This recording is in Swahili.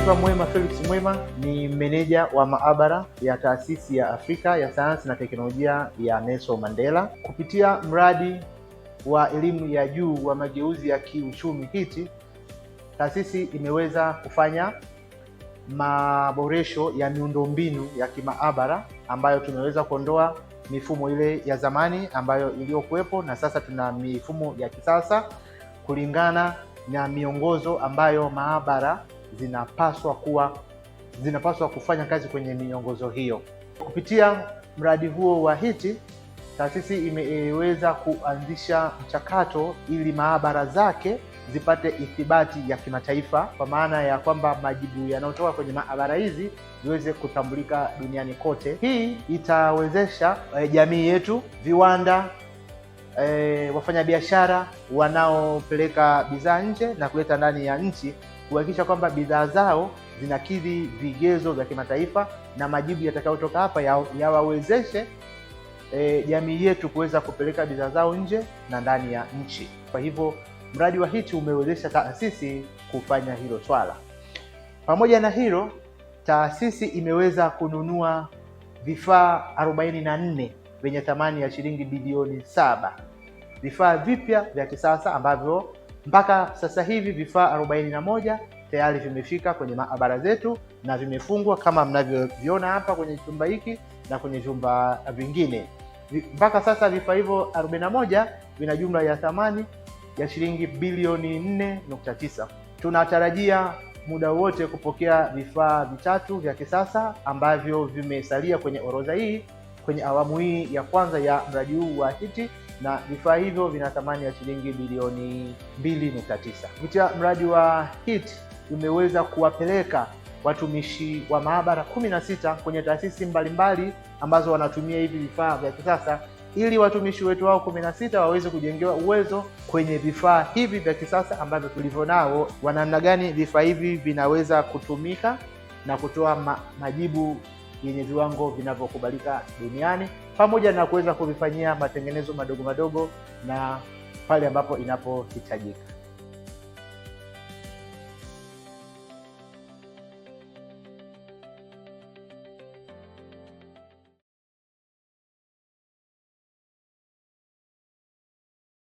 Naitwa Mwema Felix Mwema, ni meneja wa maabara ya Taasisi ya Afrika ya Sayansi na Teknolojia ya Nelson Mandela. Kupitia mradi wa elimu ya juu wa mageuzi ya kiuchumi hiti taasisi imeweza kufanya maboresho ya miundombinu ya kimaabara ambayo tumeweza kuondoa mifumo ile ya zamani ambayo iliyokuwepo, na sasa tuna mifumo ya kisasa kulingana na miongozo ambayo maabara zinapaswa kuwa zinapaswa kufanya kazi kwenye miongozo hiyo. Kupitia mradi huo wa hiti taasisi imeweza kuanzisha mchakato ili maabara zake zipate ithibati ya kimataifa, kwa maana ya kwamba majibu yanayotoka kwenye maabara hizi ziweze kutambulika duniani kote. Hii itawezesha e, jamii yetu, viwanda e, wafanyabiashara wanaopeleka bidhaa nje na kuleta ndani ya nchi kuhakikisha kwamba bidhaa zao zinakidhi vigezo vya kimataifa na majibu yatakayotoka hapa yawawezeshe e, jamii yetu kuweza kupeleka bidhaa zao nje na ndani ya nchi. Kwa hivyo mradi wa HEET umewezesha taasisi kufanya hilo swala. Pamoja na hilo, taasisi imeweza kununua vifaa 44 vyenye thamani ya shilingi bilioni saba, vifaa vipya vya kisasa ambavyo mpaka sasa hivi vifaa 41 tayari vimefika kwenye maabara zetu na vimefungwa kama mnavyoviona hapa kwenye chumba hiki na kwenye vyumba vingine. Mpaka sasa vifaa hivyo 41 vina jumla ya thamani ya shilingi bilioni 4.9. Tunatarajia muda wote kupokea vifaa vitatu vya kisasa ambavyo vimesalia kwenye orodha hii kwenye awamu hii ya kwanza ya mradi huu wa hiti na vifaa hivyo vina thamani ya shilingi bilioni 2.9. Kupitia mradi wa HIT umeweza kuwapeleka watumishi wa maabara 16 kwenye taasisi mbalimbali ambazo wanatumia hivi vifaa vya kisasa ili watumishi wetu wao 16 waweze kujengewa uwezo kwenye vifaa hivi vya kisasa ambavyo tulivyo nao, wa namna gani vifaa hivi vinaweza kutumika na kutoa ma majibu yenye viwango vinavyokubalika duniani pamoja na kuweza kuvifanyia matengenezo madogo madogo na pale ambapo inapohitajika.